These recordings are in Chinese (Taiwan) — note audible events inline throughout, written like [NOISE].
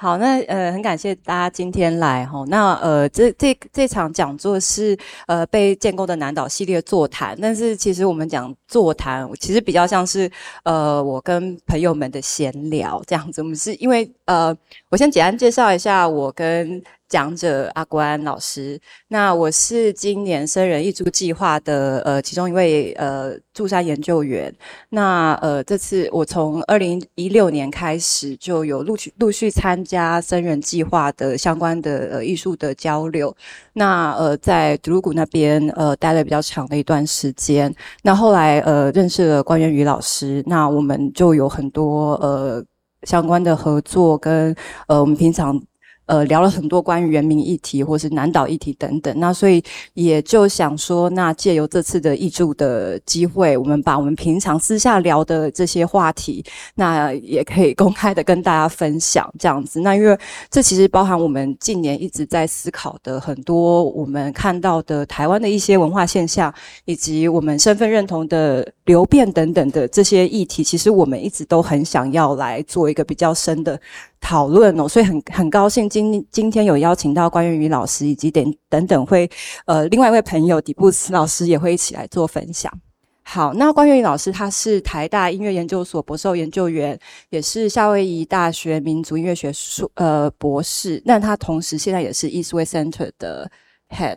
好，那呃，很感謝大家今天來哈。那呃，這這這場講座是呃被建構的南島系列座談，但是其實我們講座談，其實比較像是呃我跟朋友們的閒聊這樣子。我們是因為呃，我先簡單介紹一下我跟。講者阿官老師，那我是今年森人藝術計劃的呃其中一位呃駐山研究員。那呃這次我從二零一六年開始就有陸續陸續參加森人計劃的相關的呃藝術的交流。那呃在德魯固那邊呃待了比較長的一段時間。那後來呃認識了官元瑜老師，那我們就有很多呃相關的合作跟呃我們平常，呃，聊了很多關於原民議題，或是南島議題等等，那所以也就想說，那借由這次的挹注的機會，我們把我們平常私下聊的這些話題，那也可以公開的跟大家分享這樣子。那因為這其實包含我們近年一直在思考的很多，我們看到的台灣的一些文化現象，以及我們身份認同的。流變等等的這些議題，其實我們一直都很想要來做一個比較深的討論哦，所以很很高興今今天有邀請到官元瑜老師，以及等等等會呃另外一位朋友底布斯老師也會一起來做分享。好，那官元瑜老師他是台大音樂研究所博後研究員，也是夏威夷大學民族音樂學碩呃博士，那他同時現在也是 Eastway Center 的 Head。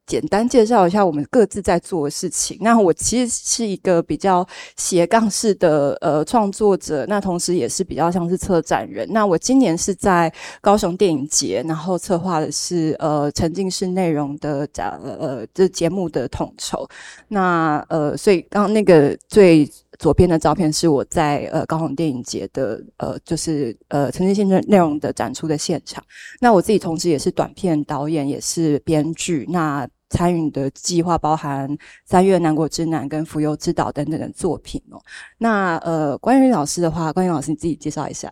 簡單介紹一下我們各自在做的事情。那我其實是一個比較斜槓式的呃創作者，那同時也是比較像是策展人。那我今年是在高雄電影節，然後策劃的是呃沉浸式內容的展呃這節目的統籌。那呃所以剛剛那個最左邊的照片是我在呃高雄電影節的呃就是呃沉浸式內容的展出的現場。那我自己同時也是短片導演，也是編劇。那參與的計劃包含三月南國之南跟蜉蝣之島等等的作品哦、喔。那呃，關於老師的話，關於老師你自己介紹一下。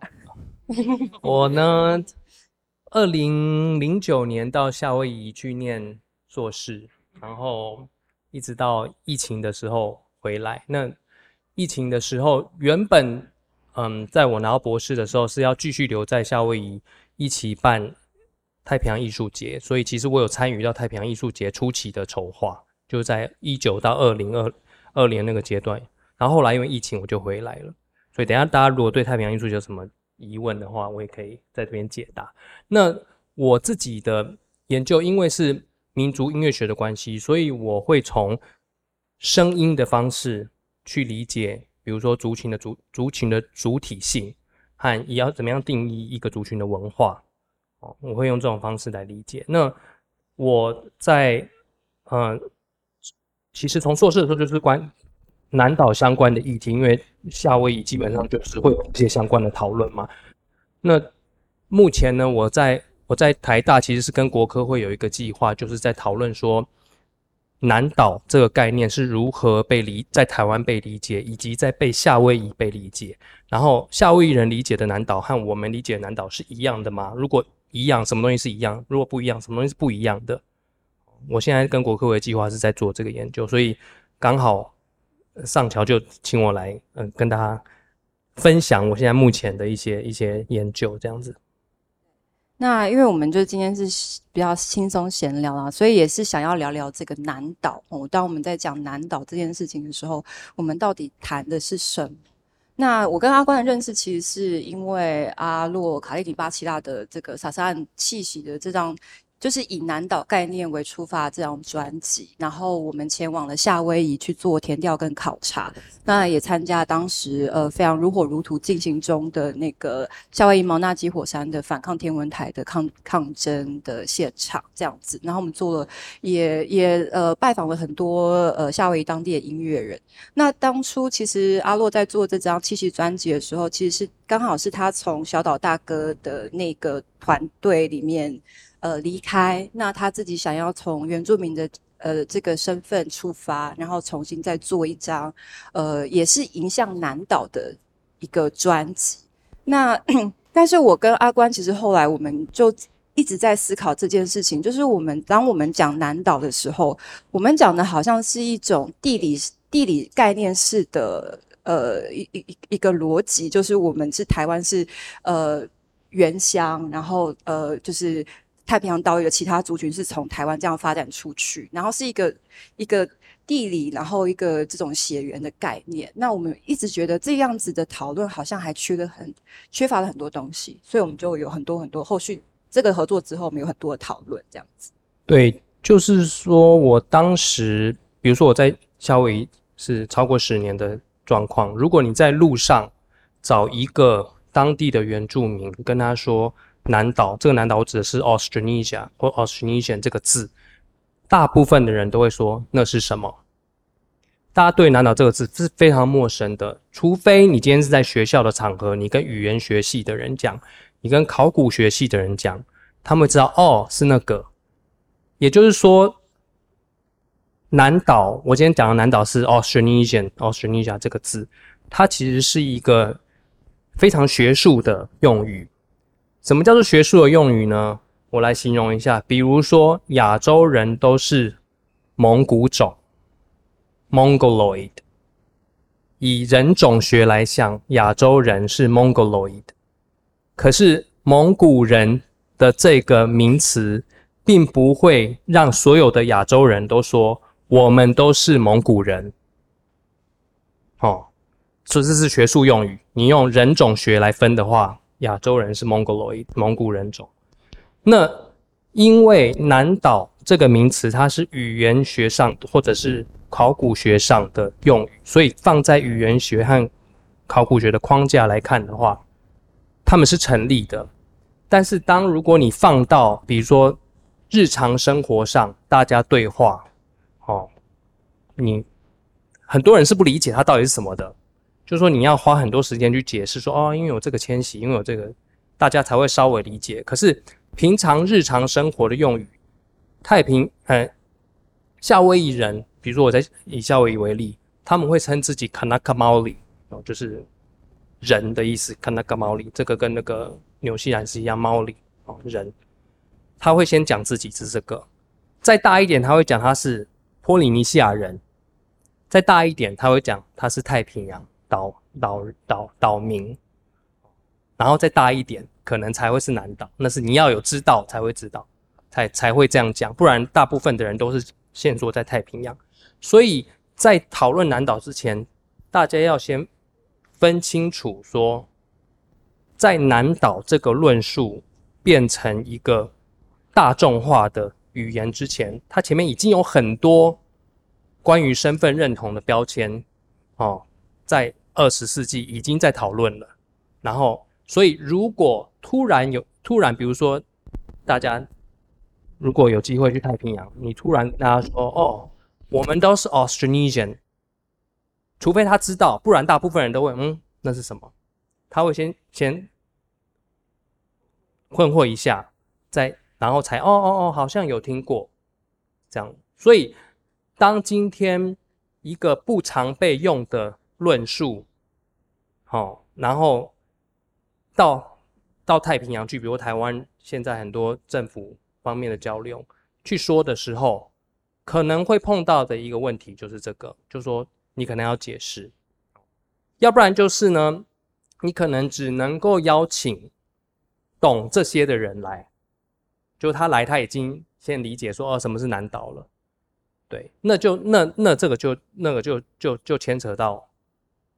我呢，二零零九年到夏威夷去念碩士，然後一直到疫情的時候回來。那疫情的時候，原本嗯，在我拿博士的時候是要繼續留在夏威夷一起辦。太平洋藝術節，所以其實我有參與到太平洋藝術節初期的籌劃，就是在一九到二零二二年那個階段。然後後來因為疫情，我就回來了。所以等一下大家如果對太平洋藝術節有什麼疑問的話，我也可以在這邊解答。那我自己的研究，因為是民族音樂學的關係，所以我會從聲音的方式去理解，比如說族群的族族群的主體性，和你要怎麼樣定義一個族群的文化。哦，我會用這種方式來理解。那我在嗯、呃，其實從碩士的時候就是關南島相關的議題，因為夏威夷基本上就是會有一些相關的討論嘛。那目前呢，我在我在台大其實是跟國科會有一個計劃，就是在討論說南島這個概念是如何被理在台灣被理解，以及在被夏威夷被理解。然後夏威夷人理解的南島和我們理解的南島是一樣的嗎？如果一樣什麼東西是一樣，如果不一樣，什麼東西是不一樣的？我現在跟國科會計劃是在做這個研究，所以剛好尚喬就請我來，嗯、呃，跟大家分享我現在目前的一些一些研究這樣子。那因為我們就今天是比較輕鬆閒聊啊，所以也是想要聊聊這個南島、嗯。當我們在講南島這件事情的時候，我們到底談的是什麼？那我跟阿官的認識，其實是因為阿洛·卡力亭·巴奇辣的這個《Sasela'an》氣息的這張。就是以南島概念為出發這張專輯，然後我們前往了夏威夷去做田調跟考察，那也參加當時呃非常如火如荼進行中的那個夏威夷毛納基火山的反抗天文台的抗抗爭的現場這樣子，然後我們做了也也呃拜訪了很多呃夏威夷當地的音樂人。那當初其實阿洛在做這張氣息專輯的時候，其實是剛好是他從小島大哥的那個團隊裡面。呃，離開，那他自己想要從原住民的呃這個身份出發，然後重新再做一張，呃，也是迎向南島的一個專輯。那 [COUGHS] 但是我跟阿關其實後來我們就一直在思考這件事情，就是我們當我們講南島的時候，我們講的好像是一種地理地理概念式的呃一一一個邏輯，就是我們是台灣是呃原鄉，然後呃就是。太平洋島嶼的其他族群是從台灣這樣發展出去，然後是一個一個地理，然後一個這種血緣的概念。那我們一直覺得這樣子的討論好像還缺了很，缺乏了很多東西，所以我們就有很多很多後續這個合作之後，我們有很多的討論這樣子。對，就是說我當時，比如說我在夏威夷是超過十年的狀況，如果你在路上找一個當地的原住民，跟他說。南島，這個南島，我指的是 Austronesia 或 Austronesian 這個字，大部分的人都會說那是什麼？大家對南島這個字是非常陌生的，除非你今天是在學校的場合，你跟語言學系的人講，你跟考古學系的人講，他們會知道哦是那個。也就是說，南島，我今天講的南島是 Austronesian，Austronesia 這個字，它其實是一個非常學術的用語。什麼叫做學術的用語呢？我來形容一下，比如說亞洲人都是蒙古種 （Mongoloid）。以人種學來想，亞洲人是 Mongoloid。可是蒙古人的這個名詞，並不會讓所有的亞洲人都說我們都是蒙古人。哦，說這是學術用語，你用人種學來分的話。亞洲人是 Mongoloid，蒙古人種。那因為南島這個名詞，它是語言學上或者是考古學上的用語，所以放在語言學和考古學的框架來看的話，他們是成立的。但是當如果你放到比如說日常生活上，大家對話，哦，你很多人是不理解它到底是什麼的。就說你要花很多時間去解釋說哦，因為有這個遷徙，因為有這個，大家才會稍微理解。可是平常日常生活的用語，太平，嗯、欸，夏威夷人，比如說我在以夏威夷為例，他們會稱自己 Kanaka Maoli，、哦、就是人的意思 Kanaka Maoli，這個跟那個紐西蘭是一樣 Māori、哦、人，他會先講自己是這個，再大一點他會講他是波利尼西亞人，再大一點他會講他是太平洋島島島島民，然後再大一點，可能才會是南島。那是你要有知道才會知道，才才會這樣講。不然，大部分的人都是限縮在太平洋。所以在討論南島之前，大家要先分清楚說，說在南島這個論述變成一個大眾化的語言之前，它前面已經有很多關於身份認同的標籤哦，在。二十世紀已經在討論了，然後，所以如果突然有突然，比如說大家如果有機會去太平洋，你突然跟大家說：“哦，我們都是 Austronesian。”除非他知道，不然大部分人都會嗯，那是什麼？他會先先困惑一下，再然後才哦哦哦，好像有聽過這樣。所以當今天一個不常被用的論述。好，然後到到太平洋去，比如台灣現在很多政府方面的交流去說的時候，可能會碰到的一個問題就是這個，就是說你可能要解釋，要不然就是呢，你可能只能夠邀請懂這些的人來，就他來他已經先理解說哦，什麼是南島了，對，那就那那這個就那個就就就牽扯到。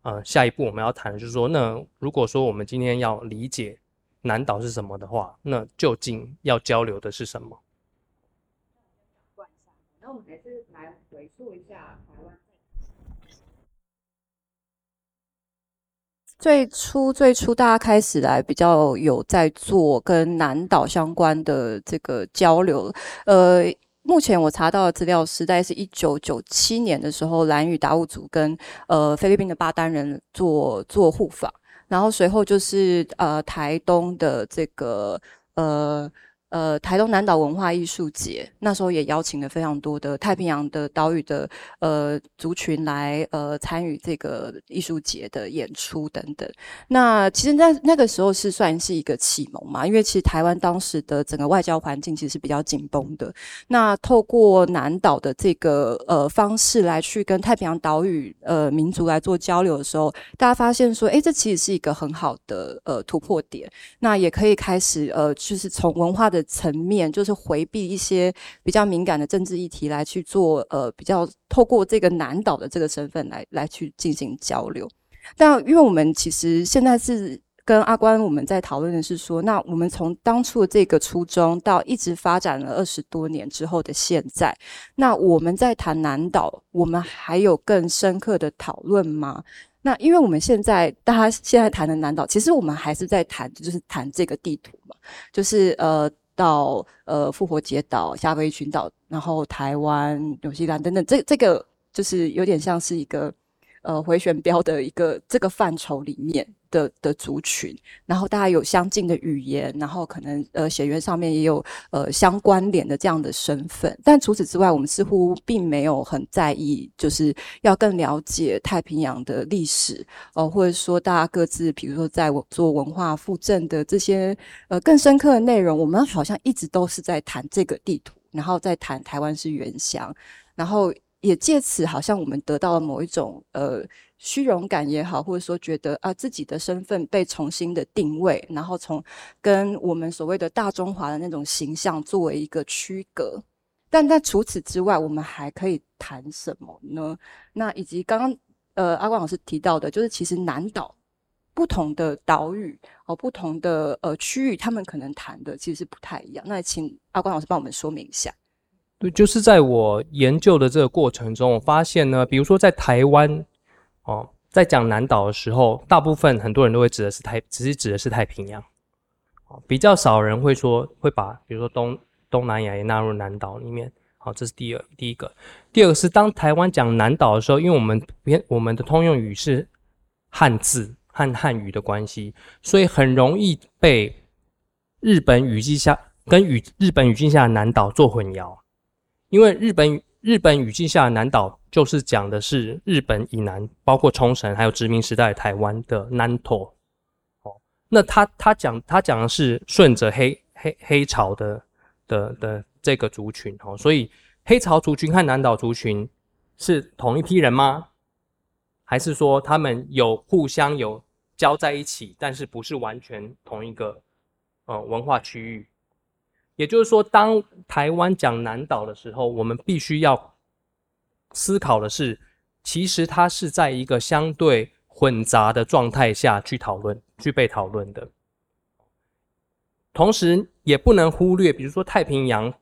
呃，下一步我們要談的就是說，那如果說我們今天要理解南島是什麼的話，那究竟要交流的是什麼？嗯、那，我那我們還是來回顧一下最初最初大家開始來比較有在做跟南島相關的這個交流，呃。目前我查到的資料是，在是一九九七年的時候，蘭嶼達悟族跟呃菲律賓的巴丹人做做互訪，然後隨後就是呃台東的這個呃。呃，台東南島文化藝術節那時候也邀請了非常多的太平洋的島嶼的呃族群，來呃參與這個藝術節的演出等等。那其實那那個時候是算是一個啟蒙嘛，因為其實台灣當時的整個外交環境其實是比較緊繃的。那透過南島的這個呃方式來去跟太平洋島嶼呃民族來做交流的時候，大家發現說，哎，這其實是一個很好的呃突破點。那也可以開始呃，就是從文化的。層面就是迴避一些比較敏感的政治議題來去做，呃，比較透過這個南島的這個身份來來去進行交流。那因為我們其實現在是跟阿關我們在討論的是說，那我們從當初的這個初衷到一直發展了二十多年之後的現在，那我們在談南島，我們還有更深刻的討論嗎？那因為我們現在大家現在談的南島，其實我們還是在談，就是談這個地圖嘛，就是呃。到呃復活節島、夏威夷群島，然後台灣、紐西蘭等等，這這個就是有點像是一個呃迴旋鏢的一個這個範疇裡面，的的族群，然後大家有相近的語言，然後可能呃血緣上面也有呃相關聯的這樣的身份，但除此之外，我們似乎並沒有很在意，就是要更了解太平洋的歷史哦、呃，或者說大家各自，比如說在我做文化復振的這些呃更深刻的內容，我們好像一直都是在談這個地圖，然後在談台灣是原鄉，然後也借此好像我們得到了某一種呃。虛榮感也好，或者說覺得啊、呃、自己的身份被重新的定位，然後從跟我們所謂的大中華的那種形象作為一個區隔。但在除此之外，我們還可以談什麼呢？那以及剛剛呃阿官老師提到的，就是其實南島不同的島嶼哦，不同的呃區域，他們可能談的其實不太一樣。那請阿官老師幫我們說明一下。對，就是在我研究的這個過程中，我發現呢，比如說在台灣。哦，在講南島的時候，大部分很多人都會指的是太，只是指的是太平洋。哦，比較少人會說會把，比如說東東南亞也納入南島裡面。好，哦，這是第二，第一個。第二個是當台灣講南島的時候，因為我們普遍我們的通用語是漢字和漢語的關係，所以很容易被日本語境下跟語日本語境下的南島做混淆，因為日本語。日本語境下的南島就是講的是日本以南，包括沖繩，還有殖民時代的台灣的南島。那他他講他講的是順着黑黑黑潮的的的這個族群哦，所以黑潮族群和南島族群是同一批人嗎？還是說他們有互相有交在一起，但是不是完全同一個呃文化區域？也就是說，當台灣講南島的時候，我們必須要思考的是，其實它是在一個相對混雜的狀態下去討論、去被討論的。同時，也不能忽略，比如說太平洋，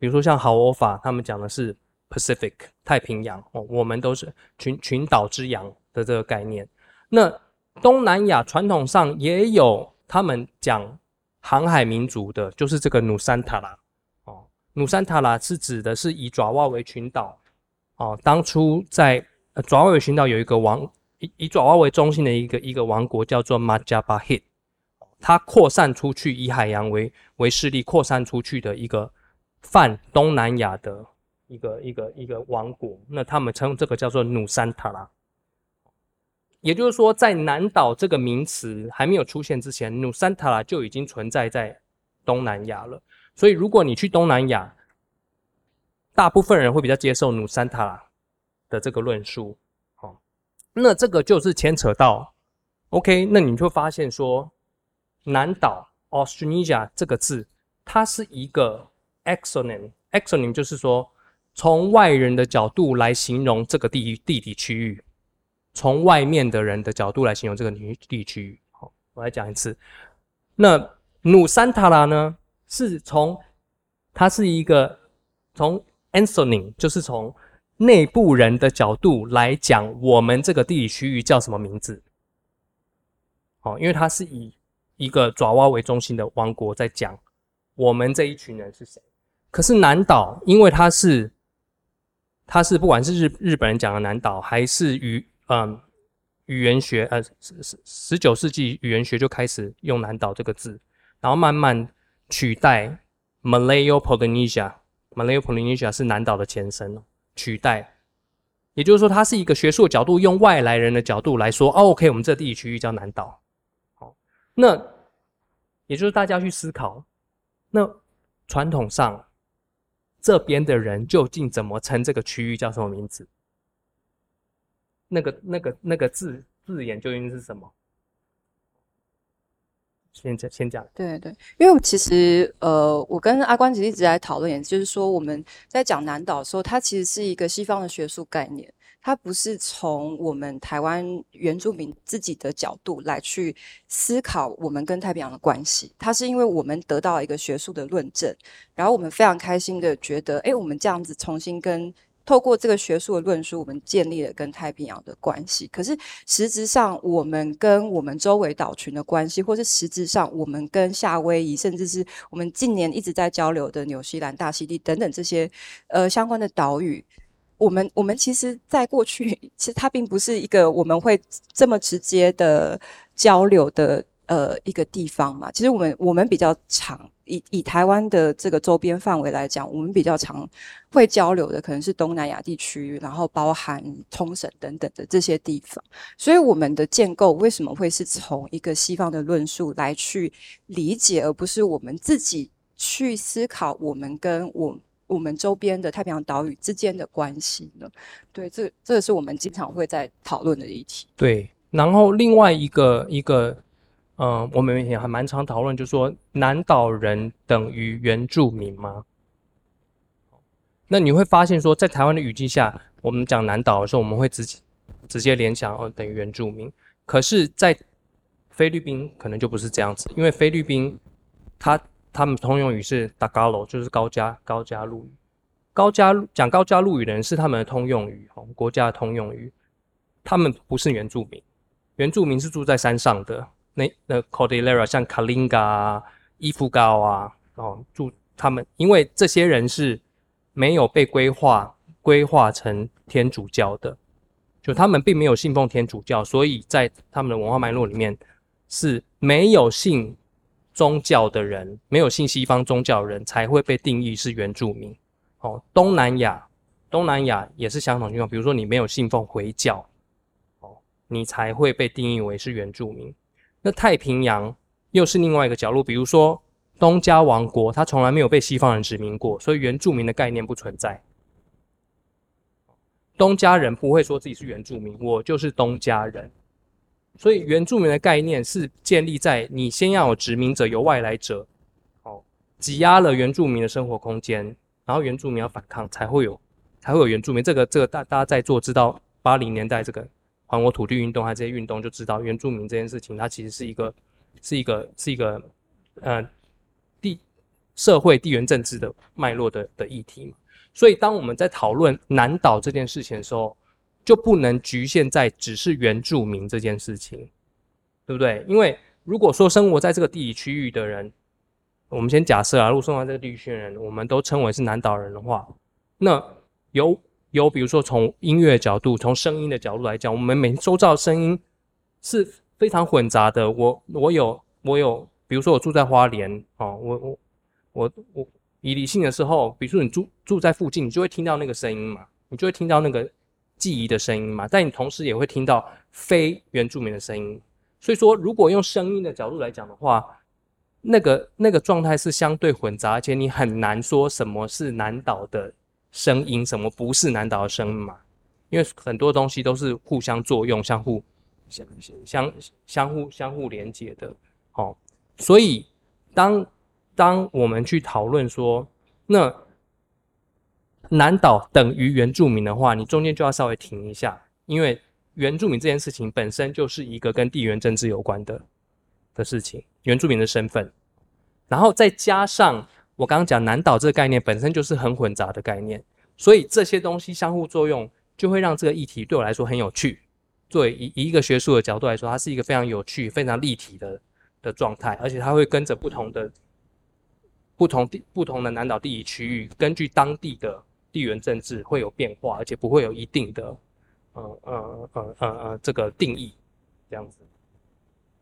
比如說像豪歐法他們講的是 Pacific 太平洋，哦，我們都是群群島之洋的這個概念。那東南亞傳統上也有他們講。航海民族的就是這個努山塔拉，哦，努山塔拉是指的是以爪哇為群島，哦，當初在呃爪哇為群島有一個王，以以爪哇為中心的一個一個王國叫做 Majapahit。它擴散出去，以海洋為為勢力擴散出去的一個泛東南亞的一個一個一個，一個王國，那他們稱這個叫做努山塔拉。也就是說，在南島這個名詞還沒有出現之前，努桑塔拉就已經存在在東南亞了。所以，如果你去東南亞，大部分人會比較接受努桑塔拉的這個論述。哦，那這個就是牽扯到 OK，那你就會發現說南，南島 （Austronesia） 這個字，它是一個 exonym，exonym ex 就是說，從外人的角度來形容這個地域地理區域。從外面的人的角度來形容這個地理區域，好，我來講一次。那努山塔拉呢？是從它是一個從 Anthony，就是從內部人的角度來講，我們這個地理區域叫什麼名字？好，因為它是以一個爪哇為中心的王國在講，我們這一群人是誰？可是南島，因為它是它是不管是日日本人講的南島，還是與嗯、呃，語言學，呃，十十十九世紀語言學就開始用南島這個字，然後慢慢取代 Malayo-Polynesia，Malayo-Polynesia 是南島的前身了，取代，也就是說，它是一個學術角度，用外來人的角度來說，哦、啊，OK，我們這個地理區域叫南島，好，那也就是大家去思考，那傳統上這邊的人究竟怎麼稱這個區域叫什麼名字？那個、那個、那個字字眼究竟是什麼？先講，先講。對對，因為其實呃，我跟阿官姐一直在討論，也就是說我們在講南島的時候，它其實是一個西方的學術概念，它不是從我們台灣原住民自己的角度來去思考我們跟太平洋的關係。它是因為我們得到一個學術的論證，然後我們非常開心的覺得，哎，我們這樣子重新跟。透過這個學術的論述，我們建立了跟太平洋的關係。可是實質上，我們跟我們周圍島群的關係，或是實質上我們跟夏威夷，甚至是我們近年一直在交流的紐西蘭、大溪地等等這些呃相關的島嶼，我們我們其實，在過去其實它並不是一個我們會這麼直接的交流的。呃，一個地方嘛，其實我們我們比較常以以台灣的這個周邊範圍來講，我們比較常會交流的可能是東南亞地區，然後包含沖繩等等的這些地方。所以我們的建構為什麼會是從一個西方的論述來去理解，而不是我們自己去思考我們跟我我們周邊的太平洋島嶼之間的關係呢？對，這這是我們經常會在討論的議題。對，然後另外一個一個。嗯，我們也還蠻常討論，就說南島人等於原住民嗎？那你會發現說，在台灣的語境下，我們講南島的時候，我們會直接直接聯想哦，等於原住民。可是，在菲律賓可能就不是這樣子，因為菲律賓他他們通用語是 Tagalog 就是高加高加祿語。高加講高加祿語的人是他們的通用語，我們國家的通用語，他們不是原住民，原住民是住在山上的。那那、呃、Cordillera，像 Kalinga、啊、伊夫高啊，哦，住他們，因為這些人是沒有被規劃規劃成天主教的，就他們並沒有信奉天主教，所以在他們的文化脈絡裡面是沒有信宗教的人，沒有信西方宗教的人才會被定義是原住民。哦，東南亞，東南亞也是相同情況，比如說你沒有信奉回教，哦，你才會被定義為是原住民。那太平洋又是另外一個角落，比如說東加王國，它從來沒有被西方人殖民過，所以原住民的概念不存在。東加人不會說自己是原住民，我就是東加人。所以原住民的概念是建立在你先要有殖民者、有外來者，哦，擠壓了原住民的生活空間，然後原住民要反抗才會有，才會有原住民。這個這個大大家在做，知道八零年代這個。還我土地運動，還這些運動，就知道原住民這件事情，它其實是一個，是一個，是一個，呃，地社會地緣政治的脈絡的的議題嘛。所以，當我們在討論南島這件事情的時候，就不能局限在只是原住民這件事情，對不對？因為如果說生活在這個地理區域的人，我們先假設啊，如果生活在這個地區的人，我們都稱為是南島人的話，那有。有，由比如說從音樂角度，從聲音的角度來講，我們每周遭聲音是非常混雜的。我我有我有，比如說我住在花蓮哦，我我我我以理性的時候，比如說你住住在附近，你就會聽到那個聲音嘛，你就會聽到那個記憶的聲音嘛，但你同時也會聽到非原住民的聲音。所以說，如果用聲音的角度來講的話，那個那個狀態是相對混雜，而且你很難說什麼是南島的。聲音什麼不是南島的聲音嘛？因為很多東西都是互相作用、相互相相相互相互連接的。哦，所以當當我們去討論說那南島等於原住民的話，你中間就要稍微停一下，因為原住民這件事情本身就是一個跟地緣政治有關的的事情，原住民的身份，然後再加上。我剛剛講南島這個概念本身就是很混雜的概念，所以這些東西相互作用，就會讓這個議題對我來說很有趣。作為一以一個學術的角度來說，它是一個非常有趣，非常立體的的狀態，而且它會跟着不同的不同地，不同的南島地理區域，根據當地的地緣政治會有變化，而且不會有一定的嗯嗯嗯嗯嗯這個定義這樣子。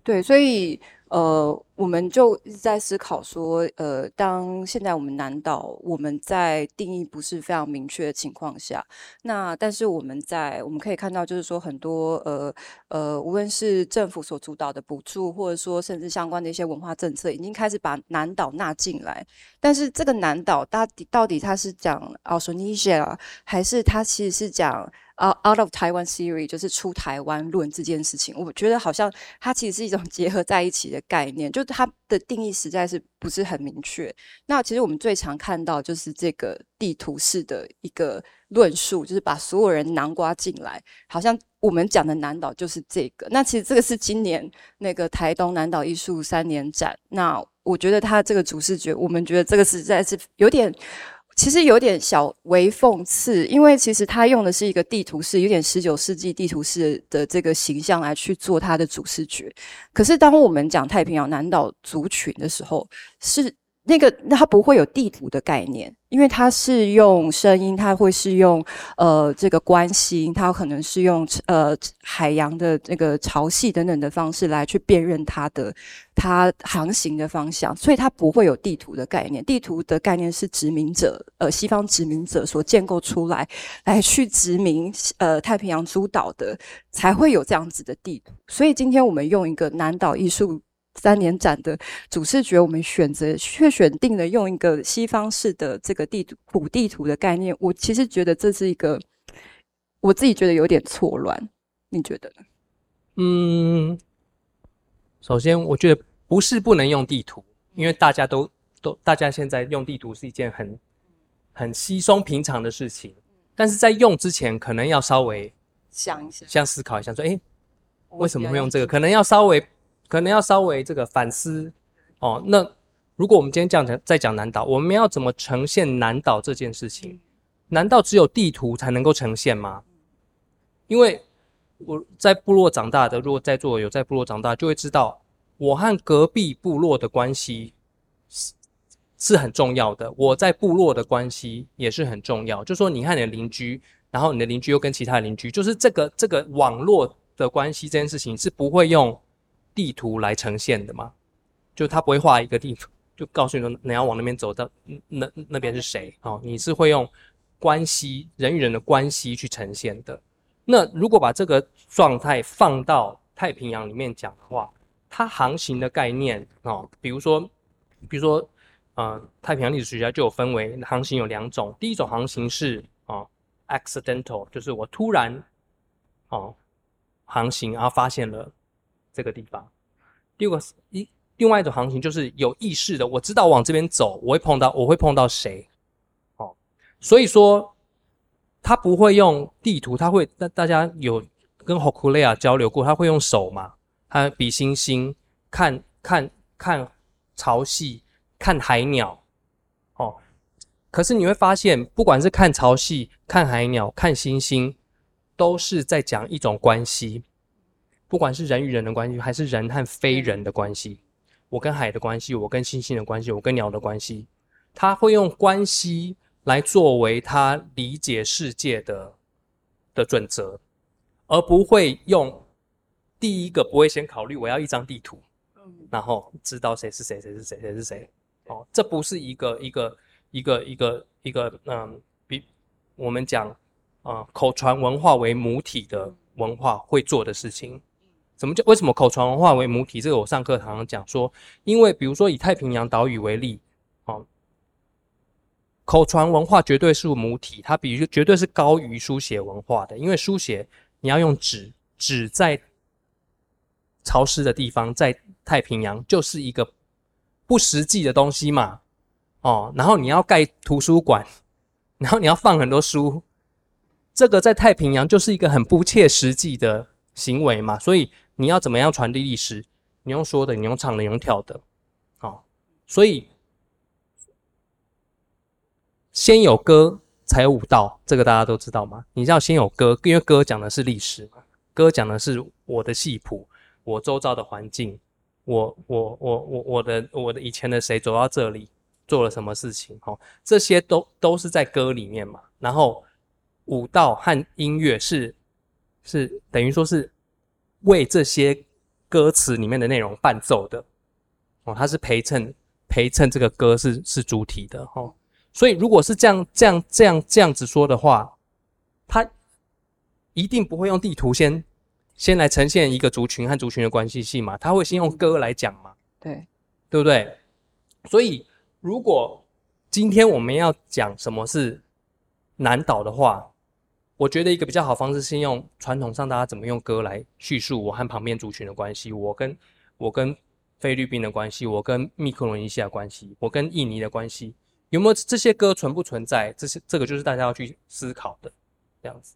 對，所以呃，我們就一直在思考說，呃，當現在我們南島我們在定義不是非常明確的情況下，那但是我們在我們可以看到，就是說很多呃呃，無論是政府所主導的補助，或者說甚至相關的一些文化政策，已經開始把南島納進來。但是這個南島到底到底它是講 Austronesia 還是它其實是講？Out of Taiwan Series, 就是出台灣論這件事情，我覺得好像它其實是一種結合在一起的概念，就是它的定義實在是不是很明確。那其實我們最常看到就是這個地圖式的一個論述，就是把所有人囊括進來，好像我們講的南島就是這個。那其實這個是今年那個台東南島藝術三年展，那我覺得它這個主視覺，我們覺得這個實在是有點。其實有點小微諷刺，因為其實他用的是一個地圖式，有點十九世紀地圖式的這個形象來去做他的主視覺。可是當我們講太平洋南島族群的時候，是。那個，那他不會有地圖的概念，因為他是用聲音，他會是用呃這個關係，他有可能是用呃海洋的那個潮汐等等的方式來去辨認他的他航行的方向，所以他不會有地圖的概念。地圖的概念是殖民者，呃，西方殖民者所建構出來，來去殖民呃太平洋諸島的，才會有這樣子的地圖。所以今天我們用一個南島藝術，三年展的主視覺，我們選擇卻選定了用一個西方式的這個地圖、古地圖的概念。我其實覺得這是一個，我自己覺得有點錯亂。你覺得呢？嗯，首先我覺得不是不能用地圖，因為大家都都大家現在用地圖是一件很很稀鬆平常的事情。但是在用之前，可能要稍微想一想，先思考一下說，說、欸、哎，為什麼會用這個？可能要稍微。可能要稍微這個反思哦。那如果我們今天這樣講，再講南島，我們要怎麼呈現南島這件事情？難道只有地圖才能夠呈現嗎？因為我在部落長大的，如果在座有在部落長大，就會知道我和隔壁部落的關係是是很重要的。我在部落的關係也是很重要。就說你和你的鄰居，然後你的鄰居又跟其他鄰居，就是這個這個網絡的關係這件事情是不會用。地圖來呈現的嗎？就他不會畫一個地圖，就告訴你說你要往那邊走的，那那邊是誰？哦，你是會用關係、人與人的關係去呈現的。那如果把這個狀態放到太平洋裡面講的話，它航行的概念哦，比如說，比如說，呃，太平洋歷史學家就有分為航行有兩種，第一種航行是啊，accidental，就是我突然哦航行，然後發現了。這個地方。第二個是，一、另外一種行情，就是有意識的，我知道往這邊走，我會碰到，我會碰到誰，哦，所以說他不會用地圖，他會，大、大家有跟 Hokulea 交流過，他會用手嘛，他比星星，看看，看看潮汐，看海鳥，哦，可是你會發現，不管是看潮汐、看海鳥、看星星，都是在講一種關係。不管是人與人的關係，還是人和非人的關係，我跟海的關係，我跟星星的關係，我跟鳥的關係，他會用關係來作為他理解世界的的準則，而不會用第一個不會先考慮我要一張地圖，然後知道誰是誰誰是誰誰是誰哦，這不是一個一個一個一個一個嗯，比我們講啊、呃、口傳文化為母體的文化會做的事情。怎麼叫為什麼口傳文化為母體？這個我上課常常講說，因為比如說以太平洋島嶼為例，哦，口傳文化絕對是母體，它比如絕對是高於書寫文化的，因為書寫你要用紙，紙在潮濕的地方，在太平洋就是一個不實際的東西嘛，哦，然後你要蓋圖書館，然後你要放很多書，這個在太平洋就是一個很不切實際的行為嘛，所以。你要怎麼樣傳遞歷史？你用說的，你用唱的，你用跳的，好、哦。所以先有歌才有舞蹈，這個大家都知道嗎？你知道先有歌，因為歌講的是歷史嘛，歌講的是我的戲譜，我周遭的環境，我我我我我的我的以前的誰走到這裡做了什麼事情，哦，這些都都是在歌裡面嘛。然後舞蹈和音樂是是等於說是。為這些歌詞裡面的內容伴奏的哦，它是陪襯，陪襯這個歌是是主體的哦，所以如果是這樣、這樣、這樣、這樣子說的話，他一定不會用地圖先先來呈現一個族群和族群的關係係嘛，他會先用歌來講嘛，嗯，對，對不對？所以如果今天我們要講什麼是南島的話，我覺得一個比較好方式是用傳統上大家怎麼用歌來敘述我和旁邊族群的關係，我跟我跟菲律賓的關係，我跟密克羅尼西亞的關係，我跟印尼的關係，有沒有這些歌存不存在？這些這個就是大家要去思考的，這樣子。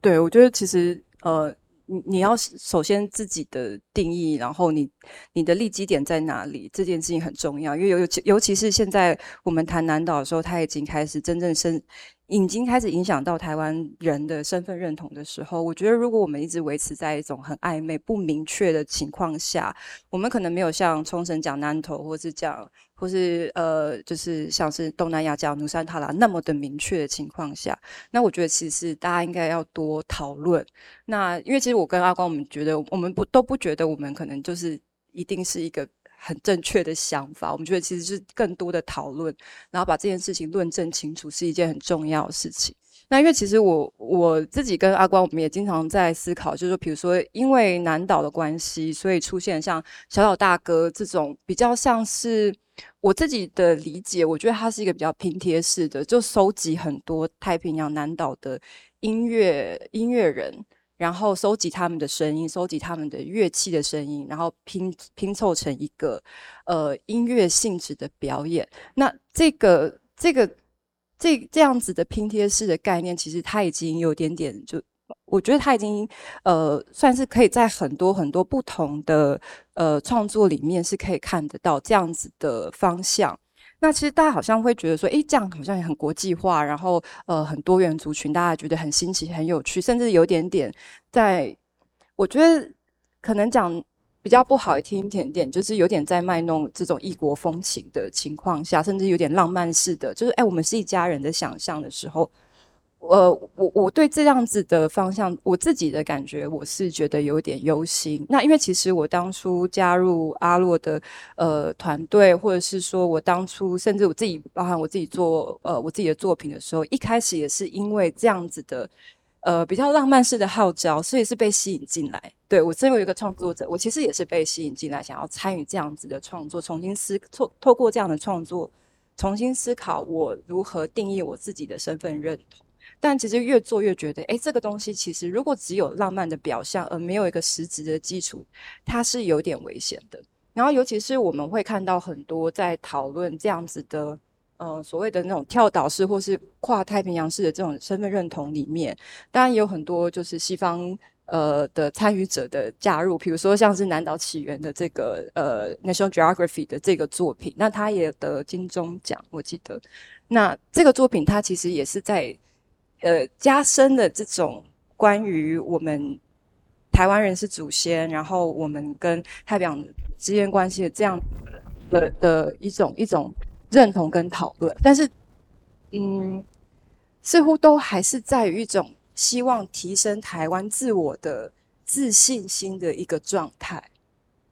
對，我覺得其實呃，你你要首先自己的定義，然後你你的立基點在哪裡？這件事情很重要，因為尤其尤其是現在我們談南島的時候，它已經開始真正生。已經開始影響到台灣人的身份認同的時候，我覺得如果我們一直維持在一種很曖昧、不明確的情況下，我們可能沒有像沖繩講南投，或是講，或是呃，就是像是東南亞講努山塔拉那麼的明確的情況下，那我覺得其實大家應該要多討論。那因為其實我跟阿光，我們覺得我們不都不覺得我們可能就是一定是一個。很正確的想法，我們覺得其實是更多的討論，然後把這件事情論證清楚是一件很重要的事情。那因為其實我我自己跟阿光，我們也經常在思考，就是說，比如說因為南島的關係，所以出現像小島大哥這種比較像是我自己的理解，我覺得他是一個比較拼貼式的，就收集很多太平洋南島的音樂音樂人。然後收集他們的聲音，收集他們的樂器的聲音，然後拼拼湊成一個呃音樂性質的表演。那這個這個這這樣子的拼貼式的概念，其實它已經有點點就，就我覺得它已經呃算是可以在很多很多不同的呃創作裡面是可以看得到這樣子的方向。那其實大家好像會覺得說，哎，這樣好像也很國際化，然後呃很多元族群，大家覺得很新奇、很有趣，甚至有點點在，我覺得可能講比較不好聽一點點，就是有點在賣弄這種異國風情的情況下，甚至有點浪漫式的，就是哎，我們是一家人的想象的時候。呃，我我我對這樣子的方向，我自己的感覺，我是覺得有點憂心。那因為其實我當初加入阿洛的呃團隊，或者是說我當初甚至我自己包含我自己做呃我自己的作品的時候，一開始也是因為這樣子的呃比較浪漫式的號召，所以是被吸引進來。對，我身為一個創作者，我其實也是被吸引進來，想要參與這樣子的創作，重新思透透過這樣的創作，重新思考我如何定義我自己的身份認同。但其實越做越覺得，哎、欸，這個東西其實如果只有浪漫的表象而沒有一個實質的基礎，它是有點危險的。然後，尤其是我們會看到很多在討論這樣子的，呃，所謂的那種跳島式或是跨太平洋式的這種身份認同裡面，當然也有很多就是西方呃的參與者的加入，比如說像是南島起源的這個呃 National Geography 的這個作品，那他也得金鐘獎，我記得。那這個作品它其實也是在呃，加深的這種關於我們台灣人是祖先，然後我們跟太平洋之間關係的這樣了的，的，的一種一種認同跟討論，但是，嗯，似乎都還是在於一種希望提升台灣自我的自信心的一個狀態。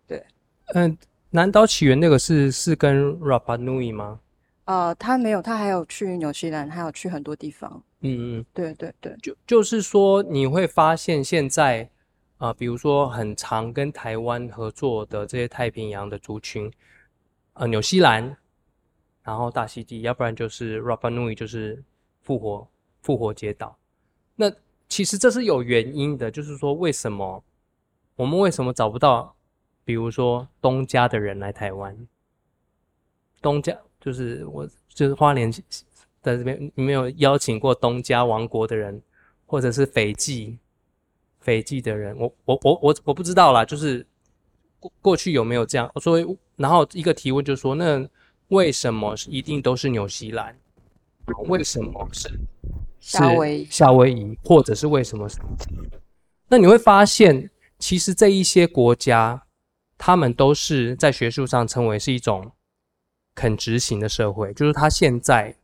對，嗯，南島起源那個是是跟 Rapa Nui 嗎？啊、呃，他沒有，他還有去紐西蘭，還有去很多地方。嗯，對對對，就就是說，你會發現現在，啊、呃，比如說很常跟台灣合作的這些太平洋的族群，呃，紐西蘭，然後大溪地，要不然就是 Rapa Nui 就是復活復活節島。那其實這是有原因的，就是說為什麼我們為什麼找不到，比如說東家的人來台灣，東家就是我就是花蓮。在這邊你沒有邀請過東加王國的人，或者是斐濟，斐濟的人，我我我我我不知道啦，就是過過去有沒有這樣？所以，然後一個提問就是說：那為什麼一定都是紐西蘭？為什麼是，是夏威夷？夏威夷，或者是為什麼是？那你會發現，其實這一些國家，他們都是在學術上稱為是一種肯執行的社會，就是他現在。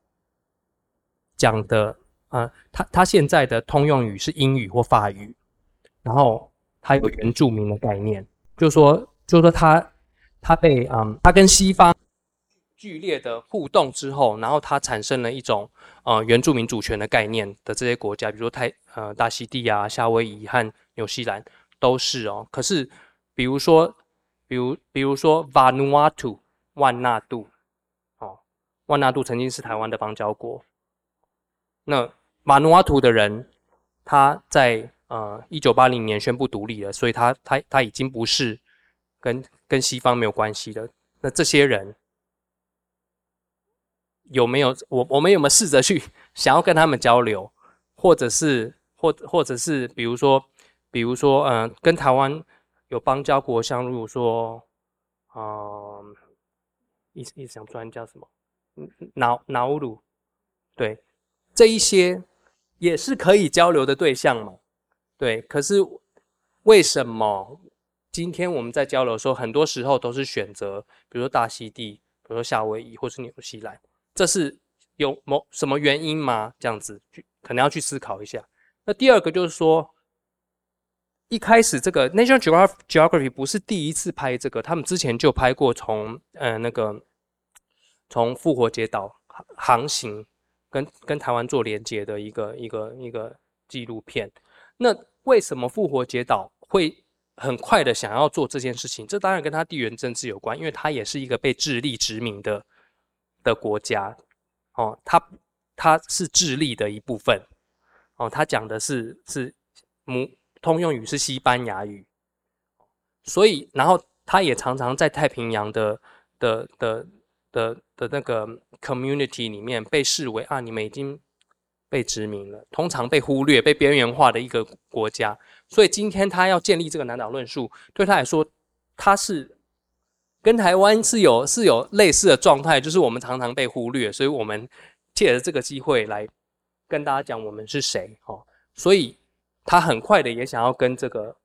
講的，嗯、呃，他他現在的通用語是英語或法語，然後它有原住民的概念，就說就說它它被嗯它跟西方劇烈的互動之後，然後它產生了一種呃原住民主權的概念的這些國家，比如說泰，呃大溪地啊、夏威夷和紐西蘭都是哦。可是比如說，比如比如說 Vanuatu 萬納度哦，萬納度曾經是台灣的邦交國。那瓦努阿圖的人，他在呃一九八零年宣布獨立了，所以他他他已經不是跟跟西方沒有關係的。那這些人有沒有我我們有,有沒有試着去想要跟他們交流，或者是或者或者是比如說比如說嗯、呃、跟台灣有邦交國相入，如果說啊一直想不出來叫什麼？瑙魯對。這一些也是可以交流的對象嘛？對，可是為什麼今天我們在交流的時候，很多時候都是選擇，比如說大溪地，比如說夏威夷，或是紐西蘭，這是有某什麼原因嗎？這樣子可能要去思考一下。那第二個就是說，一開始這個《National Geography》不是第一次拍這個，他們之前就拍過從呃那個從復活節島航行。跟跟台灣做連接的一個一個一個紀錄片，那為什麼復活節島會很快的想要做這件事情？這當然跟他地緣政治有關，因為他也是一個被智利殖民的的國家，哦，他他是智利的一部分，哦，他講的是是母，通用語是西班牙語，所以然後他也常常在太平洋的的的的的的那個。Community 裡面被視為啊，你們已經被殖民了，通常被忽略、被邊緣化的一個國家，所以今天他要建立這個南島論述，對他來說，他是跟台灣是有是有類似的狀態，就是我們常常被忽略，所以我們借着這個機會來跟大家講我們是誰，哈，所以他很快的也想要跟這個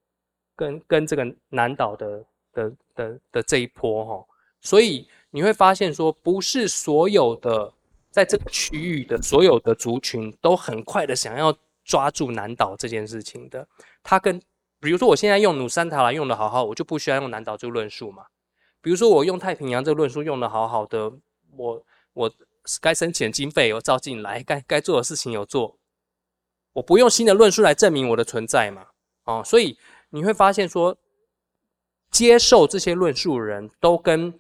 跟跟這個南島的的的的這一波，哈，所以。你會發現說，不是所有的在這個區域的所有的族群都很快的想要抓住南島這件事情的。他跟，比如說我現在用努山塔拉用的好好，我就不需要用南島這個論述嘛。比如說我用太平洋這個論述用的好好的，我我該申請經費我照進來，該該做的事情有做，我不用新的論述來證明我的存在嘛。哦，所以你會發現說，接受這些論述的人都跟。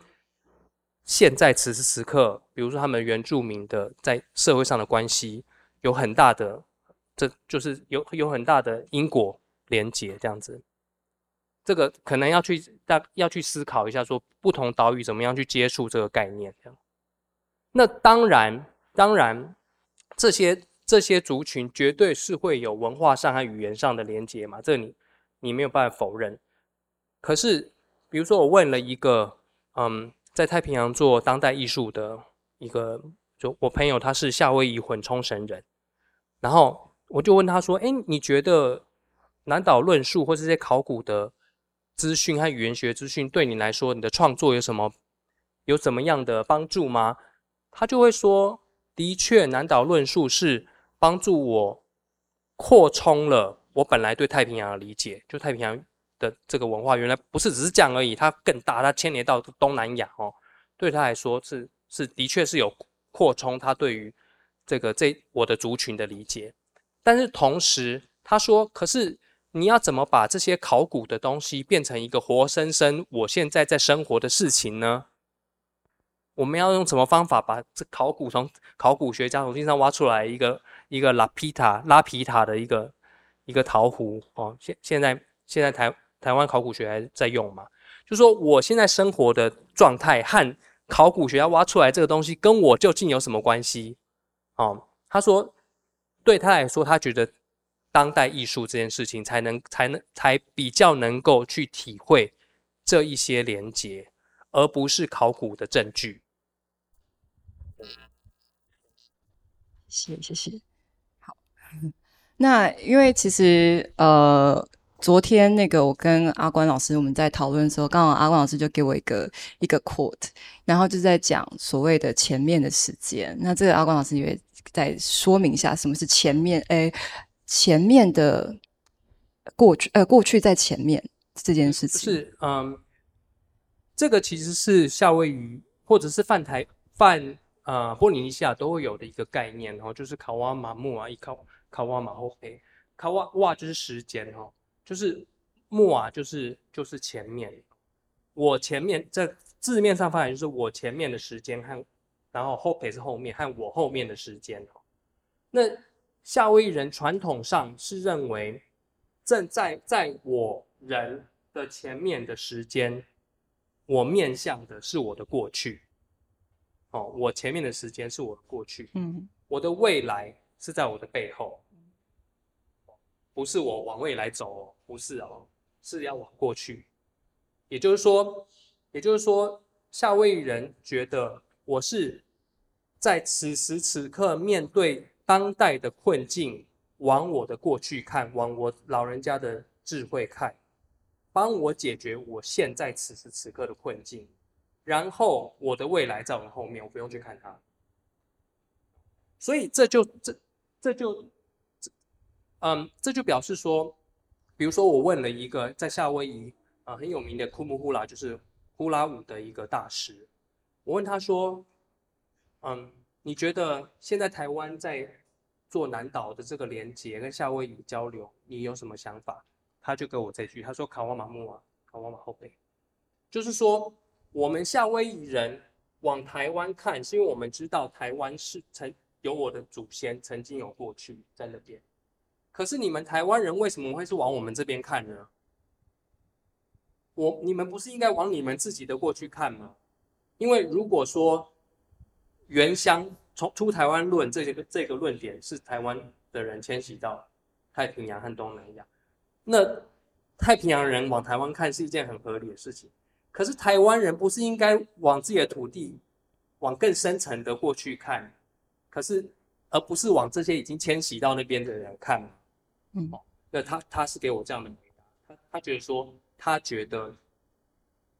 現在此時此刻，比如說他們原住民的在社會上的關係，有很大的，這就是有有很大的因果連結，這樣子。這個可能要去要去思考一下說，說不同島嶼怎麼樣去接觸這個概念，那當然，當然這些這些族群絕對是會有文化上和語言上的連結嘛，這你你沒有辦法否認。可是，比如說我問了一個，嗯。在太平洋做當代藝術的一個，就我朋友他是夏威夷混沖繩人，然後我就問他說：“哎、欸，你覺得南島論述或是這些考古的資訊和語言學資訊對你來說，你的創作有什麼有怎麼樣的幫助嗎？”他就會說：“的確，南島論述是幫助我擴充了我本來對太平洋的理解，就太平洋。”的這個文化原來不是只是這樣而已，它更大，它牽連到東南亞哦、喔。對他來說是，是的確是有擴充他對於這個這我的族群的理解，但是同時他說，可是你要怎麼把這些考古的東西變成一個活生生我現在在生活的事情呢？我們要用什麼方法把這考古從考古學家從地上挖出來一個一個拉皮塔、拉皮塔的一個一個陶壺哦？現現在現在才。台灣考古學還在用嗎？就說我現在生活的狀態和考古學家挖出來這個東西，跟我究竟有什麼關係？哦，他說，對他來說，他覺得當代藝術這件事情，才能、才能、才比較能夠去體會這一些連結，而不是考古的證據。謝，謝謝。好，嗯、那因為其實呃。昨天那個，我跟阿關老師我們在討論的時候，剛好阿關老師就給我一個一個 quote，然後就在講所謂的前面的時間。那這個阿關老師也在說明一下什麼是前面。哎，前面的過去，呃，過去在前面這件事情是，嗯，這個其實是夏威夷或者是泛台泛呃波里尼西亞都會有的一個概念哦，就是卡瓦馬木啊，一卡卡瓦馬後黑卡瓦哇就是時間哈。哦就是末啊，就是就是前面，我前面在字面上翻譯就是我前面的時間和，然後 hope 是後面和我後面的時間。那夏威夷人傳統上是認為正在，在在在我人的前面的時間，我面向的是我的過去，哦，我前面的時間是我的過去，嗯，我的未來是在我的背後，不是我往未來走哦。不是哦，是要往過去。也就是說，也就是說，夏威夷人覺得我是在此時此刻面對當代的困境，往我的過去看，往我老人家的智慧看，幫我解決我現在此時此刻的困境。然後我的未來在我後面，我不用去看它。所以這就這這就這嗯，這就表示說。比如說，我問了一個在夏威夷啊很有名的庫姆呼拉，就是呼拉舞的一個大師。我問他說：“嗯，你覺得現在台灣在做南島的這個連接跟夏威夷交流，你有什麼想法？”他就跟我這句，他說：“卡瓦馬木啊，卡瓦馬後背。”就是說，我們夏威夷人往台灣看，是因為我們知道台灣是曾有我的祖先曾經有過去在那邊。可是你們台灣人為什麼會是往我們這邊看呢？我，你們不是應該往你們自己的過去看嗎？因為如果說原鄉從出台灣論這些、個、這個論點是台灣的人遷徙到太平洋和東南亞，那太平洋人往台灣看是一件很合理的事情。可是台灣人不是應該往自己的土地，往更深層的過去看，可是而不是往這些已經遷徙到那邊的人看嗎？ [NOISE] 那他他是給我這樣的回答，他他覺得說，他覺得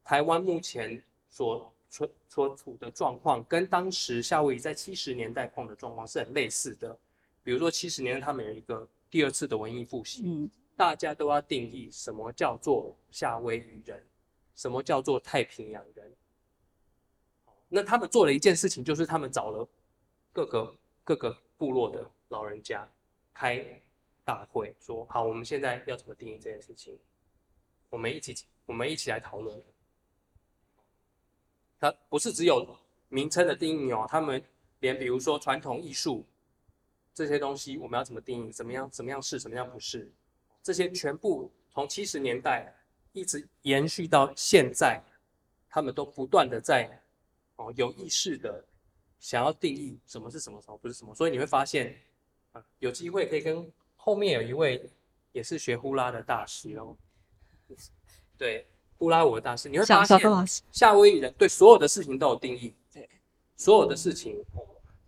台灣目前所存所處的狀況，跟當時夏威夷在七十年代碰的狀況是很類似的。比如說七十年代他們有一個第二次的文藝復興， [NOISE] 大家都要定義什麼叫做夏威夷人，什麼叫做太平洋人。那他們做了一件事情，就是他們找了各個各個部落的老人家開。大會說好，我們現在要怎麼定義這件事情？我們一起，我們一起來討論。它不是只有名稱的定義哦，他們連比如說傳統藝術這些東西，我們要怎麼定義？怎麼樣？怎麼樣是？怎麼樣不是？這些全部從七十年代一直延續到現在，他們都不斷的在哦有意識的想要定義什麼是什麼，什麼不是什麼。所以你會發現啊，有機會可以跟。後面有一位也是學呼啦的大師哦，對，呼啦舞的大師，你會發現夏威夷人對所有的事情都有定義，對，所有的事情，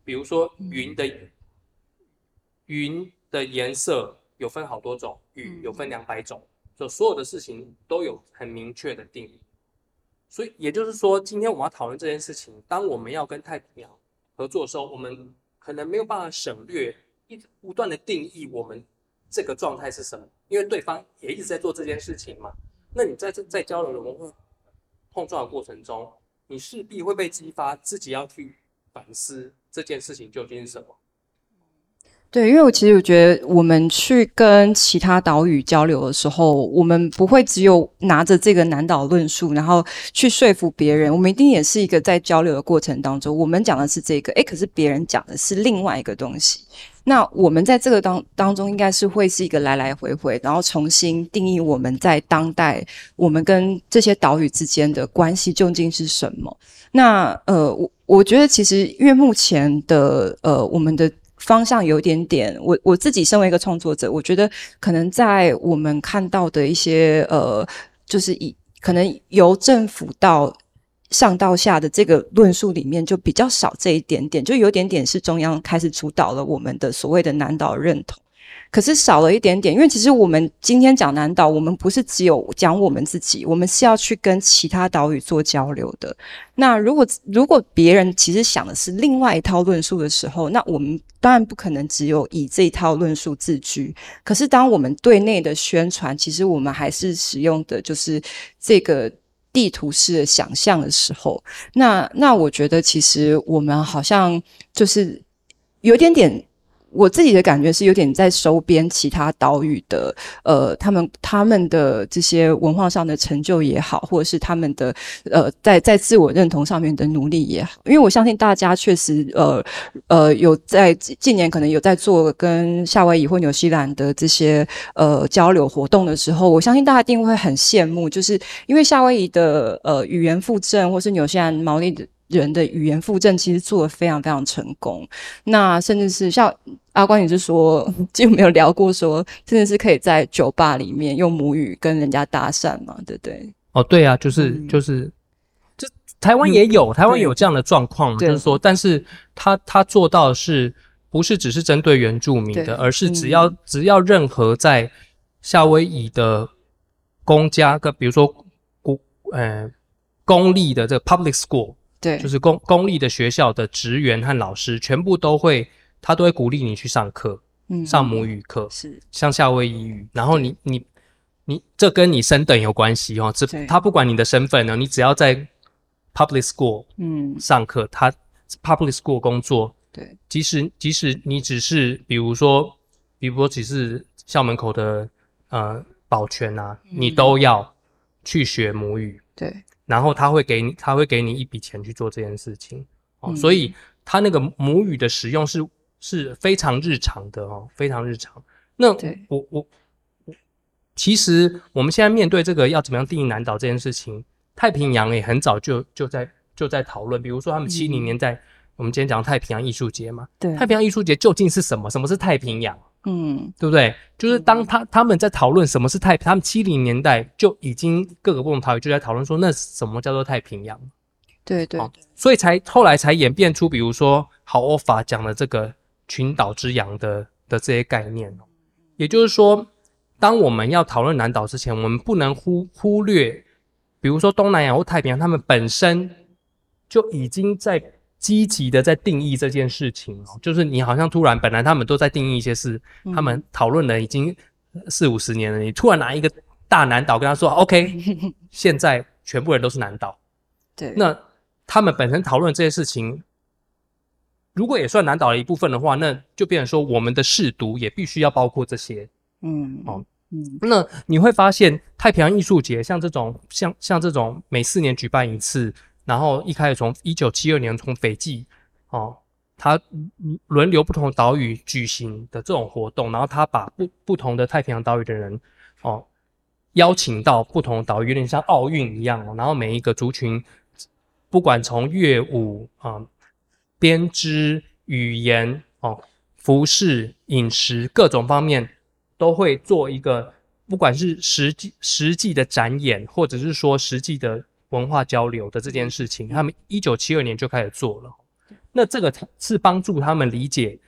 比如說雲的、嗯、雲的顏色有分好多種，雨有分兩百種，就、嗯、所、所有的事情都有很明確的定義。所以也就是說，今天我們要討論這件事情，當我們要跟太平洋合作的時候，我們可能沒有辦法省略，不斷的定義我們這個狀態是什麼，因為對方也一直在做這件事情嘛。那你在這在交流的互動碰撞的過程中，你勢必會被激發自己要去反思這件事情究竟是什麼。對，因為我其實我覺得，我們去跟其他島嶼交流的時候，我們不會只有拿着這個南島論述，然後去說服別人。我們一定也是一個在交流的過程當中，我們講的是這個，哎、欸，可是別人講的是另外一個東西。那我們在這個當當中，應該是會是一個來來回回，然後重新定義我們在當代，我們跟這些島嶼之間的關係究竟是什麼？那呃，我我覺得其實因為目前的呃，我們的方向有點點，我我自己身為一個創作者，我覺得可能在我們看到的一些呃，就是以可能由政府到。上到下的這個論述裡面，就比較少這一點點，就有點點是中央開始主導了我們的所謂的南島認同，可是少了一點點。因為其實我們今天講南島，我們不是只有講我們自己，我們是要去跟其他島嶼做交流的。那如果如果別人其實想的是另外一套論述的時候，那我們當然不可能只有以這一套論述自居。可是當我們對內的宣傳，其實我們還是使用的就是這個。地圖式的想象的時候，那那我覺得其實我們好像就是有點點。我自己的感覺是有點在收編其他島嶼的，呃，他們他們的這些文化上的成就也好，或者是他們的呃，在在自我認同上面的努力也好，因為我相信大家確實呃呃有在近年可能有在做跟夏威夷或紐西蘭的這些呃交流活動的時候，我相信大家一定會很羨慕，就是因為夏威夷的呃語言復振，或是紐西蘭毛利的。.人的語言復振其實做得非常非常成功，那甚至是像阿關也是說就沒有聊過說，甚至是可以在酒吧裡面用母語跟人家搭訕嘛，對不對？哦，對啊，就是語就是，就台灣也有、嗯、台灣有，對有這樣的狀況，對就是說，但是他他做到的是不是只是針對原住民的，對而是只要、嗯、只要任何在夏威夷的公家，個比如說公呃公立的這個 public school。對，就是公公立的學校的職員和老師，全部都會，他都會鼓勵你去上課，嗯，上母語課，是，像夏威夷語。嗯、然後你對你你，這跟你身等有關係哦，這對他不管你的身份呢，你只要在 public school，嗯，上課，嗯、他 public school 工作，對，即使即使你只是比如說，比如說只是校門口的呃保全啊，你都要去學母語，嗯、對。然後他會給你，他會給你一筆錢去做這件事情哦，嗯、所以他那個母語的使用是是非常日常的哦，非常日常。那我對 我我，其實我們現在面對這個要怎麼樣定義南島這件事情，太平洋也很早就就在就在討論，比如說他們七零年代、嗯、我們今天講太平洋藝術節嘛，對，太平洋藝術節究竟是什麼？什麼是太平洋？嗯，對不對？就是當他他們在討論什麼是太平洋，他們七零年代就已經各個不同島嶼就在討論說那是什麼叫做太平洋。對對對，哦，所以才後來才演變出，比如說郝歐法講的這個群島之洋的的這些概念。也就是說，當我們要討論南島之前，我們不能忽忽略，比如說東南亞或太平洋，他們本身就已經在。積極的在定義這件事情哦，就是你好像突然，本來他們都在定義一些事，嗯、他們討論了已經四五十年了，你突然拿一個大南島跟他說 [LAUGHS] ，OK，現在全部人都是南島，對，那他們本身討論這些事情，如果也算南島的一部分的話，那就變成說我們的試讀也必須要包括這些，嗯，哦，嗯，那你會發現太平洋藝術節像這種，像像這種每四年舉辦一次。然後一開始從一九七二年從斐濟，哦，他輪流不同島嶼舉行的這種活動，然後他把不不同的太平洋島嶼的人，哦，邀請到不同島嶼，有點像奧運一樣，哦，然後每一個族群，不管從樂舞啊、呃、編織、語言、哦、服飾、飲食各種方面，都會做一個，不管是實際實際的展演，或者是說實際的。文化交流的這件事情，他們一九七二年就開始做了。那這個是幫助他們理解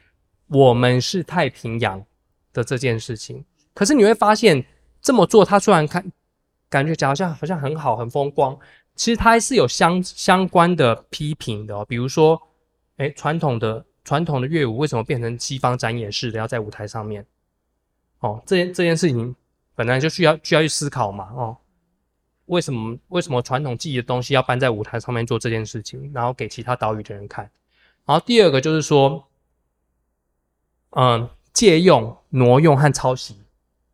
我們是太平洋的這件事情。可是你會發現，這麼做，他雖然看感覺講好像好像很好很風光，其實他還是有相相關的批評的哦。比如說，誒，傳統的傳統的樂舞為什麼變成西方展演式的，要在舞台上面。哦，這這件事情本來就需要需要去思考嘛。哦。為什麼為什麼傳統記憶的東西要搬在舞台上面做這件事情，然後給其他島嶼的人看？然後第二個就是說，嗯，借用、挪用和抄襲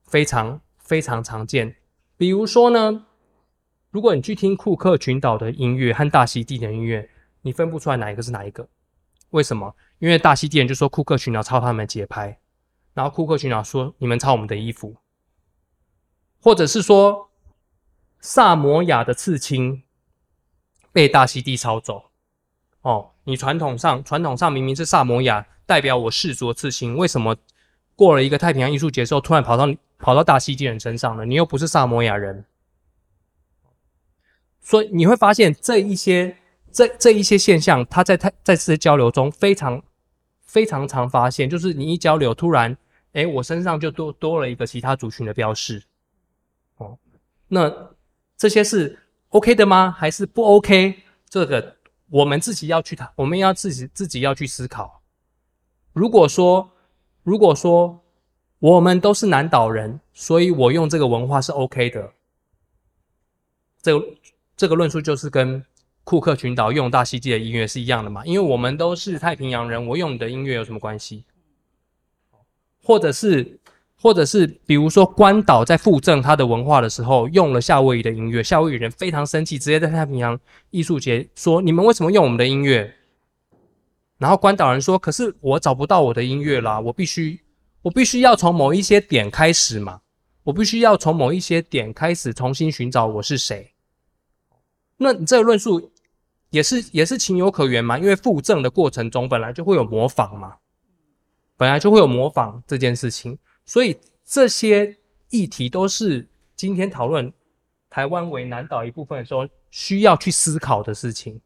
非常非常常見。比如說呢，如果你去聽庫克群島的音樂和大溪地的音樂，你分不出來哪一個是哪一個？為什麼？因為大溪地人就說庫克群島抄他們的節拍，然後庫克群島說你們抄我們的衣服，或者是說。薩摩亞的刺青被大溪地抄走哦，你傳統上傳統上明明是薩摩亞代表我氏族的刺青，為什麼過了一個太平洋藝術節之後，突然跑到跑到大溪地人身上了？你又不是薩摩亞人，所以你會發現這一些這這一些現象，他在太在這些交流中非常非常常發現，就是你一交流，突然哎、欸，我身上就多多了一個其他族群的標識哦，那。這些是 OK 的嗎？還是不 OK？這個我們自己要去談，我們要自己自己要去思考。如果說，如果說我們都是南島人，所以我用這個文化是 OK 的。這個、這個論述就是跟庫克群島用大溪地的音樂是一樣的嘛？因為我們都是太平洋人，我用你的音樂有什麼關係？或者是？或者是比如說，關島在復振他的文化的時候，用了夏威夷的音樂，夏威夷人非常生氣，直接在太平洋藝術節說：“你們為什麼用我們的音樂？”然後關島人說：“可是我找不到我的音樂啦、啊，我必須，我必須要從某一些點開始嘛，我必須要從某一些點開始重新尋找我是誰。”那你這個論述也是也是情有可原嘛，因為復振的過程中本來就會有模仿嘛，本來就會有模仿這件事情。所以這些議題都是今天討論台灣為南島一部分的時候需要去思考的事情。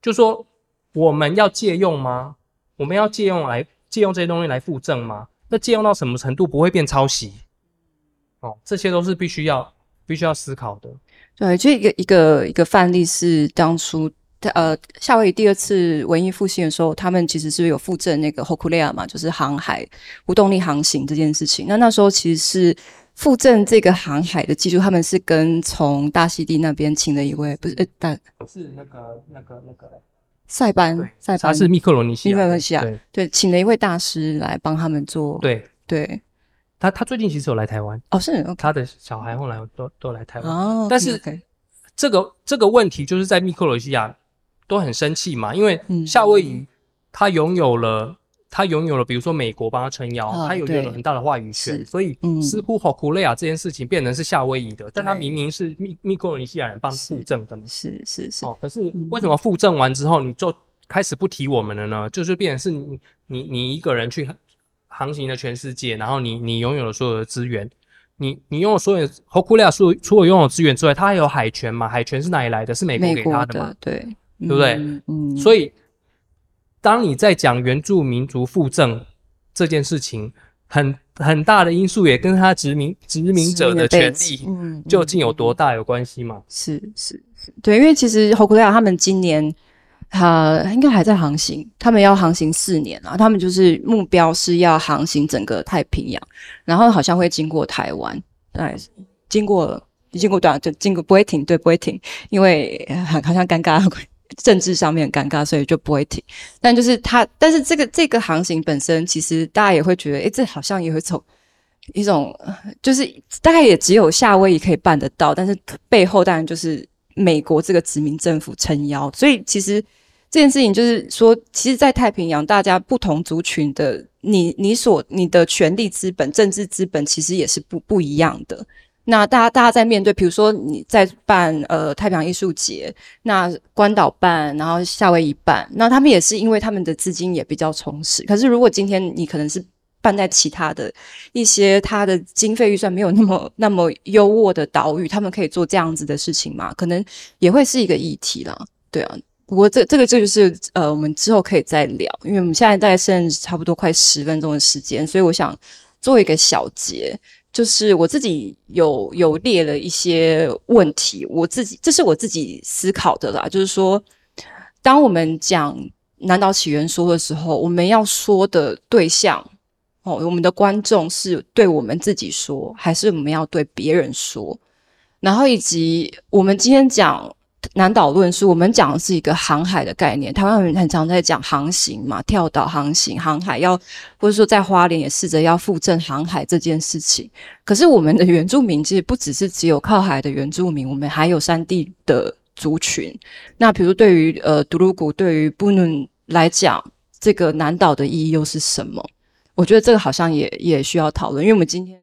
就說我們要借用嗎？我們要借用來借用這些東西來附贈嗎？那借用到什麼程度不會變抄襲？哦，這些都是必須要必須要思考的。對，就一個一個一個範例是當初。他呃、，夏威夷第二次文藝復興的時候，他們其實是有復振那個 Hokulea 嘛，就是航海無動力航行這件事情。那那時候其實是復振這個航海的技術，他們是跟從大溪地那邊請了一位，不是，呃，大是那個那個那個塞班、塞班，他是密克羅尼西亞，對，請了一位大師來幫他們做，對對，他他最近其實有來台灣，哦，是他的小孩後來都都來台灣，哦，但是這個這個問題就是在密克羅尼西亞。都很生氣嘛，因為夏威夷他擁有了、嗯嗯、有了，他擁有了，比如說美國幫他撐腰，啊、他擁有了很大的話語權，啊、所以似乎 Hokulea 這件事情變成是夏威夷的，嗯、但他明明是密密克羅尼西亞人幫他附贈的嘛，是是是、是、喔。可是為什麼附贈完之後，你就開始不提我們了呢？嗯、就是變成是你你你一個人去航行了全世界，然後你你擁有了所有的資源，你你擁有所有 Hokulea 除除了擁有資源之外，他還有海權嘛？海權是哪裡來的？是美國給他的嘛？對。對不對？嗯，嗯，所以當你在講原住民族復振這件事情很，很很大的因素也跟他殖民殖民者的權力，嗯，究竟有多大有關係嗎？是是是，是，對，因為其實 Hōkūle'a 他們今年，他、呃、應該還在航行，他們要航行四年後、啊、他們就是目標是要航行整個太平洋，然後好像會經過台灣，哎，經過經過短就經過不會停，對，不會停，因為、呃、好像尷尬。政治上面很尷尬，所以就不會提。但就是他，但是這個這個航行本身，其實大家也會覺得，哎，這好像有一種一種，就是大概也只有夏威夷可以辦得到。但是背後當然就是美國這個殖民政府撐腰。所以其實這件事情就是說，其實，在太平洋大家不同族群的，你你所你的權力資本、政治資本，其實也是不不一樣的。那大家，大家在面對，比如說你在辦呃太平洋藝術節，那關島辦，然後夏威夷辦，那他們也是因為他們的資金也比較充實。可是如果今天你可能是辦在其他的一些，他的經費預算沒有那麼那麼優渥的島嶼，他們可以做這樣子的事情嗎？可能也會是一個議題啦，對啊。不過這這個這就，就是呃我們之後可以再聊，因為我們現在在剩差不多快十分鐘的時間，所以我想做一個小結。就是我自己有有列了一些問題，我自己這是我自己思考的啦。就是說，當我們講南島起源說的時候，我們要說的對象哦，我們的觀眾是對我們自己說，還是我們要對別人說？然後以及我們今天講。南島論述，我們講的是一個航海的概念。台灣人很常在講航行嘛，跳島航行、航海要，或者說在花蓮也試着要復振航海這件事情。可是我們的原住民其實不只是只有靠海的原住民，我們還有山地的族群。那比如對於呃德魯固，對於布農來講，這個南島的意義又是什麼？我覺得這個好像也也需要討論，因為我們今天。